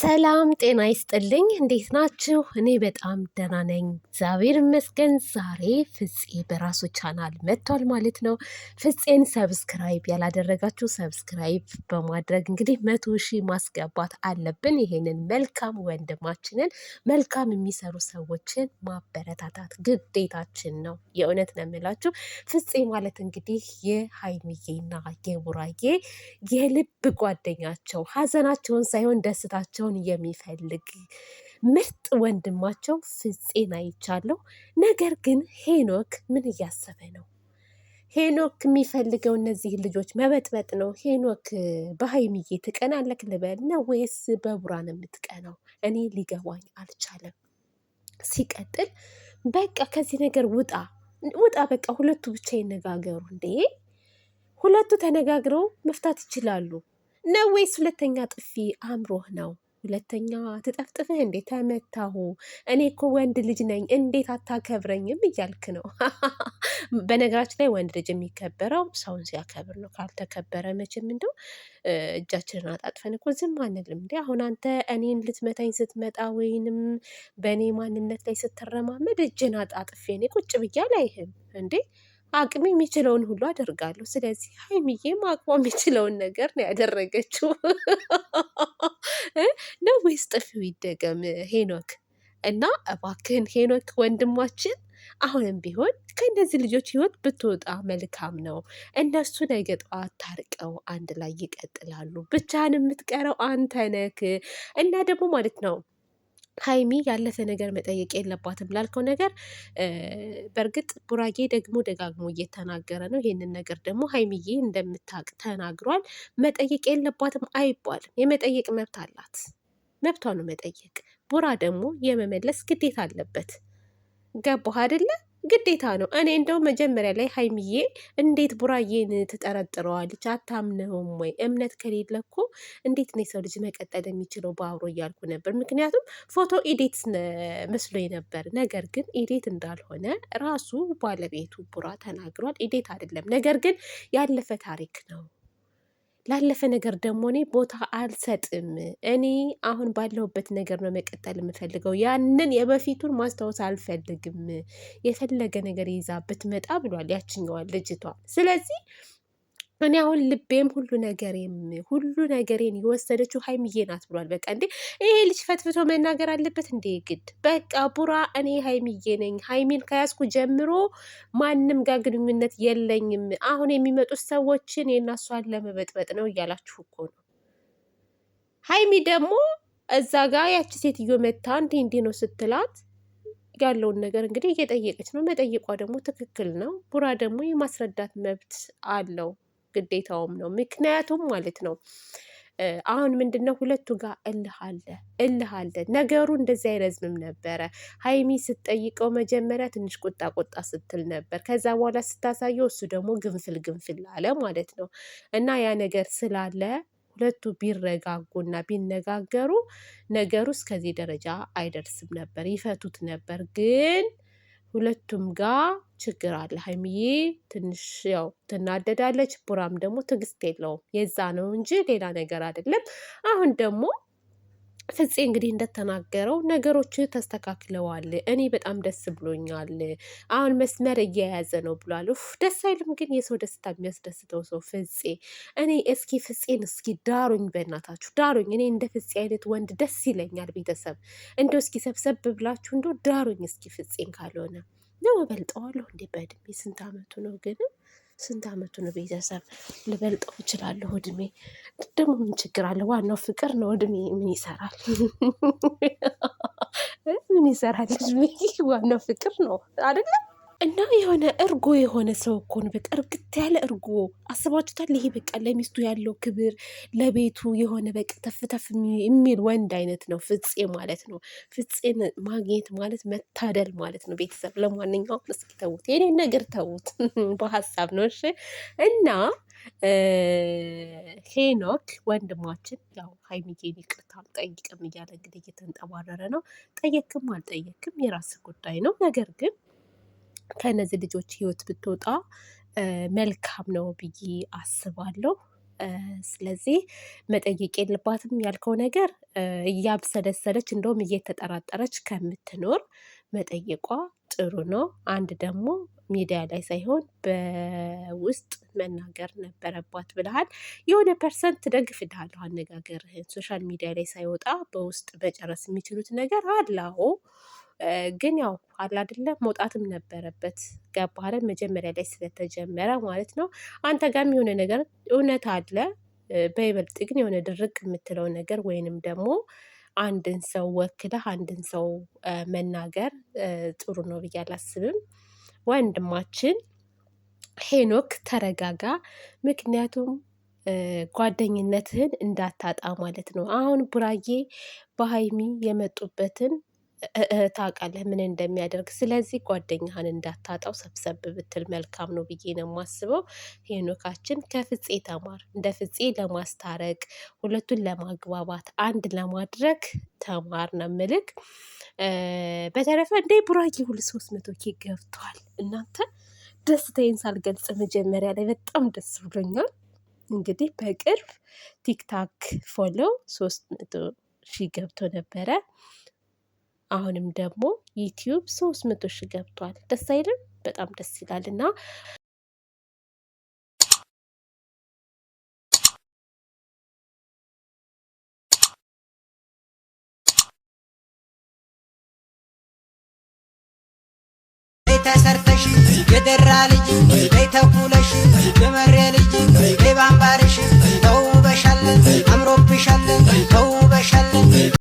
ሰላም ጤና ይስጥልኝ። እንዴት ናችሁ? እኔ በጣም ደህና ነኝ፣ እግዚአብሔር ይመስገን። ዛሬ ፍፄ በራሱ ቻናል መጥቷል ማለት ነው። ፍፄን ሰብስክራይብ ያላደረጋችሁ ሰብስክራይብ በማድረግ እንግዲህ መቶ ሺህ ማስገባት አለብን። ይሄንን መልካም ወንድማችንን መልካም የሚሰሩ ሰዎችን ማበረታታት ግዴታችን ነው። የእውነት ነው የምላችሁ። ፍፄ ማለት እንግዲህ የሀይሚዬና የቡራዬ የልብ ጓደኛቸው ሀዘናቸውን ሳይሆን ደስታቸው ሊሆን የሚፈልግ ምርጥ ወንድማቸው ፍፄን አይቻለሁ። ነገር ግን ሄኖክ ምን እያሰበ ነው? ሄኖክ የሚፈልገው እነዚህ ልጆች መበጥበጥ ነው። ሄኖክ በሀይሚዬ ትቀናለክ ልበል ነው ወይስ በቡራ የምትቀነው የምትቀናው? እኔ ሊገባኝ አልቻለም። ሲቀጥል በቃ ከዚህ ነገር ውጣ ውጣ፣ በቃ ሁለቱ ብቻ ይነጋገሩ እንዴ። ሁለቱ ተነጋግረው መፍታት ይችላሉ ነው ወይስ ሁለተኛ ጥፊ አእምሮህ ነው? ሁለተኛ ትጠፍጥፍህ እንዴ? ተመታሁ። እኔ እኮ ወንድ ልጅ ነኝ፣ እንዴት አታከብረኝም እያልክ ነው። በነገራችን ላይ ወንድ ልጅ የሚከበረው ሰውን ሲያከብር ነው። ካልተከበረ መቼም እንደው እጃችንን አጣጥፈን እኮ ዝም አንልም። እንዲ አሁን አንተ እኔን ልትመታኝ ስትመጣ ወይንም በእኔ ማንነት ላይ ስትረማመድ እጅን አጣጥፌ እኔ ቁጭ ብያ ላይህም እንዴ አቅሜ የሚችለውን ሁሉ አደርጋለሁ። ስለዚህ ሀይሚዬም አቅሟ የሚችለውን ነገር ነው ያደረገችው። ነው ወይስ ጥፊው ይደገም ሄኖክ? እና እባክህን ሄኖክ ወንድማችን አሁንም ቢሆን ከእነዚህ ልጆች ህይወት ብትወጣ መልካም ነው። እነሱ ነገ ጠዋት ታርቀው አንድ ላይ ይቀጥላሉ። ብቻህን የምትቀረው አንተ ነህ። እና ደግሞ ማለት ነው ሀይሚ ያለፈ ነገር መጠየቅ የለባትም ላልከው ነገር በእርግጥ ቡራጌ ደግሞ ደጋግሞ እየተናገረ ነው። ይህንን ነገር ደግሞ ሀይሚዬ እንደምታውቅ ተናግሯል። መጠየቅ የለባትም አይባልም። የመጠየቅ መብት አላት። መብቷ ነው መጠየቅ። ቡራ ደግሞ የመመለስ ግዴታ አለበት። ገባህ አይደለ? ግዴታ ነው። እኔ እንደው መጀመሪያ ላይ ሀይሚዬ እንዴት ቡራዬን ትጠረጥረዋለች? አታምነውም ወይ? እምነት ከሌለ እኮ እንዴት ነው የሰው ልጅ መቀጠል የሚችለው? በአብሮ እያልኩ ነበር። ምክንያቱም ፎቶ ኢዴት መስሎ ነበር። ነገር ግን ኢዴት እንዳልሆነ ራሱ ባለቤቱ ቡራ ተናግሯል። ኢዴት አይደለም፣ ነገር ግን ያለፈ ታሪክ ነው ላለፈ ነገር ደግሞ እኔ ቦታ አልሰጥም። እኔ አሁን ባለሁበት ነገር ነው መቀጠል የምፈልገው። ያንን የበፊቱን ማስታወስ አልፈልግም። የፈለገ ነገር ይዛ ብትመጣ ብሏል ያችኛዋ ልጅቷ። ስለዚህ እኔ አሁን ልቤም ሁሉ ነገሬም ሁሉ ነገሬን የወሰደችው ሀይሚዬ ናት ብሏል። በቃ እንዴ ይሄ ልጅ ፈትፍቶ መናገር አለበት እንዴ? ግድ በቃ ቡራ፣ እኔ ሀይሚዬ ነኝ። ሀይሚን ከያዝኩ ጀምሮ ማንም ጋር ግንኙነት የለኝም። አሁን የሚመጡት ሰዎችን የናሷን ለመበጥበጥ ነው እያላችሁ እኮ ነው። ሀይሚ ደግሞ እዛ ጋር ያቺ ሴትዮ መታ እንዲህ እንዲህ ነው ስትላት ያለውን ነገር እንግዲህ እየጠየቀች ነው። መጠየቋ ደግሞ ትክክል ነው። ቡራ ደግሞ የማስረዳት መብት አለው። ግዴታውም ነው። ምክንያቱም ማለት ነው አሁን ምንድነው ሁለቱ ጋር እልህ አለ እልህ አለ። ነገሩ እንደዚህ አይረዝምም ነበረ። ሀይሚ ስትጠይቀው መጀመሪያ ትንሽ ቁጣ ቁጣ ስትል ነበር። ከዛ በኋላ ስታሳየው እሱ ደግሞ ግንፍል ግንፍል አለ ማለት ነው። እና ያ ነገር ስላለ ሁለቱ ቢረጋጉና ቢነጋገሩ ነገሩ እስከዚህ ደረጃ አይደርስም ነበር፣ ይፈቱት ነበር ግን ሁለቱም ጋር ችግር አለ። ሀይሚዬ ትንሽ ያው ትናደዳለች፣ ቡራም ደግሞ ትዕግስት የለውም። የዛ ነው እንጂ ሌላ ነገር አይደለም። አሁን ደግሞ ፍፄ እንግዲህ እንደተናገረው ነገሮች ተስተካክለዋል፣ እኔ በጣም ደስ ብሎኛል፣ አሁን መስመር እየያዘ ነው ብሏል። ፍ ደስ አይልም ግን የሰው ደስታ የሚያስደስተው ሰው ፍፄ። እኔ እስኪ ፍፄን እስኪ ዳሩኝ፣ በእናታችሁ ዳሩኝ። እኔ እንደ ፍፄ አይነት ወንድ ደስ ይለኛል። ቤተሰብ እንደው እስኪ ሰብሰብ ብላችሁ እንደው ዳሩኝ እስኪ ፍፄን ካልሆነ ነው እበልጠዋለሁ። እንዴ በእድሜ ስንት አመቱ ነው ግን ስንት አመቱ ነው ቤተሰብ ልበልጠው እችላለሁ እድሜ ደግሞ ምን ችግር አለ ዋናው ፍቅር ነው እድሜ ምን ይሰራል ምን ይሰራል እድሜ ዋናው ፍቅር ነው አይደለም እና የሆነ እርጎ የሆነ ሰው እኮ ነው። በቃ እርግት ያለ እርጎ አስባችሁታል? ይሄ በቃ ለሚስቱ ያለው ክብር፣ ለቤቱ የሆነ በቃ ተፍተፍ የሚል ወንድ አይነት ነው ፍፄ ማለት ነው። ፍፄን ማግኘት ማለት መታደል ማለት ነው። ቤተሰብ ለማንኛውም እስኪ ተዉት፣ የኔን ነገር ተዉት፣ በሀሳብ ነው እሺ። እና ሄኖክ ወንድማችን ያው ሀይሚዬን ይቅርታ አልጠይቅም እያለ እንግዲህ እየተንጠባረረ ነው። ጠየቅም አልጠየቅም የራስ ጉዳይ ነው። ነገር ግን ከእነዚህ ልጆች ህይወት ብትወጣ መልካም ነው ብዬ አስባለሁ። ስለዚህ መጠየቅ የለባትም ያልከው ነገር እያብሰለሰለች እንደውም እየተጠራጠረች ከምትኖር መጠየቋ ጥሩ ነው። አንድ ደግሞ ሚዲያ ላይ ሳይሆን በውስጥ መናገር ነበረባት ብለሃል። የሆነ ፐርሰንት ደግፍልሃለሁ አነጋገርህን ሶሻል ሚዲያ ላይ ሳይወጣ በውስጥ መጨረስ የሚችሉት ነገር አለ አዎ ግን ያው አለ አይደለ መውጣትም ነበረበት ገባህ መጀመሪያ ላይ ስለተጀመረ ማለት ነው። አንተ ጋም የሆነ ነገር እውነት አለ። በይበልጥ ግን የሆነ ድርቅ የምትለው ነገር ወይንም ደግሞ አንድን ሰው ወክለህ አንድን ሰው መናገር ጥሩ ነው ብዬ አላስብም። ወንድማችን ሄኖክ ተረጋጋ። ምክንያቱም ጓደኝነትህን እንዳታጣ ማለት ነው። አሁን ቡራዬ በሃይሚ የመጡበትን ታውቃለህ ምን እንደሚያደርግ። ስለዚህ ጓደኛህን እንዳታጣው ሰብሰብ ብትል መልካም ነው ብዬ ነው የማስበው። ሄኖካችን ከፍፄ ተማር እንደ ፍፄ ለማስታረቅ ሁለቱን ለማግባባት አንድ ለማድረግ ተማር ነው ምልክ። በተረፈ እንደ ቡራጌ ሁሉ ሶስት መቶ ኬ ገብቷል። እናንተ ደስታዬን ሳልገልጽ መጀመሪያ ላይ በጣም ደስ ብሎኛል። እንግዲህ በቅርብ ቲክታክ ፎሎ ሶስት መቶ ሺህ ገብቶ ነበረ። አሁንም ደግሞ ዩቲዩብ ሶስት መቶ ሺህ ገብቷል። ደስ አይልም? በጣም ደስ ይላል እና ተሰርተሽ የደራ ልጅ ተኩለሽ የመሬ ልጅ ባምባርሽ ተውበሻለን፣ አምሮብሻለን፣ ተውበሻለን